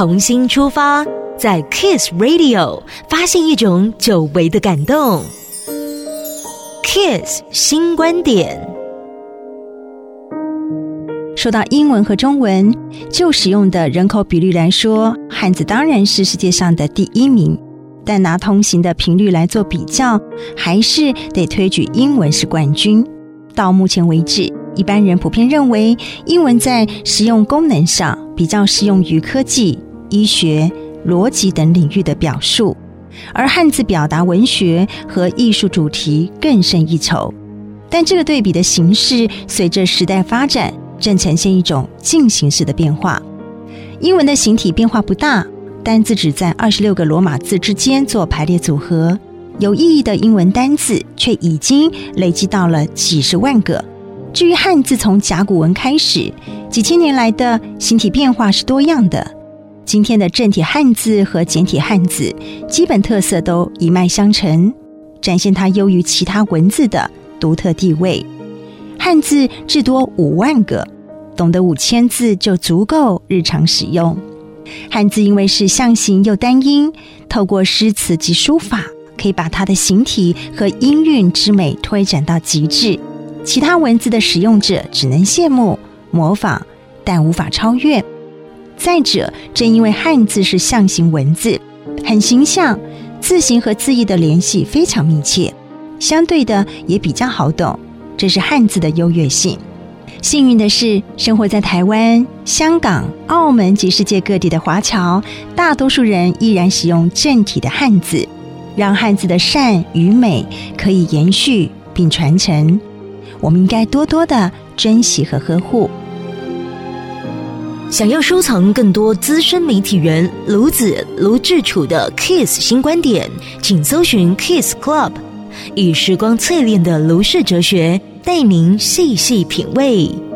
重新出發，在 Kiss Radio 發現一種久違的感動。Kiss 心觀點。說到英文和中文，就使用的人口比例來說，漢字當然是世界上的第一名。但拿通行的頻率來做比較，還是得推舉英文是冠軍。到目前為止，一般人普遍認為，英文在實用功能上比較適用於科技。醫學、邏輯等領域的表述，而漢字表達文學和藝術主題更勝一籌。但這個對比的形式隨着時代發展，正呈現一種進行式的變化。英文的形體變化不大，單字只在二十六個羅馬字之間做排列組合，有意義的英文單字卻已經累積到了幾十萬個。至於漢字，從甲骨文開始，幾千年來的形體變化是多樣的。今天的正體漢字和簡體漢字基本特色都一脈相承，展現它優於其他文字的獨特地位。漢字至多五萬個，懂得五千字就足夠日常使用。漢字因為是象形又單音，透過詩詞及書法，可以把它的形體和音韻之美推展到極致。其他文字的使用者只能羨慕、模仿，但無法超越。再者，正因為漢字是象形文字，很形象，字形和字義的聯繫非常密切，相對的也比較好懂，這是漢字的優越性。幸運的是，生活在台灣、香港、澳門及世界各地的華僑，大多數人依然使用正體的漢字，讓漢字的善與美可以延續並傳承。我們應該多多的珍惜和呵護。想要收藏更多資深媒體人盧子盧智楚的 Kiss 心觀點，請搜尋 Kiss Club，以時光淬煉的盧氏哲學，帶您細細品味。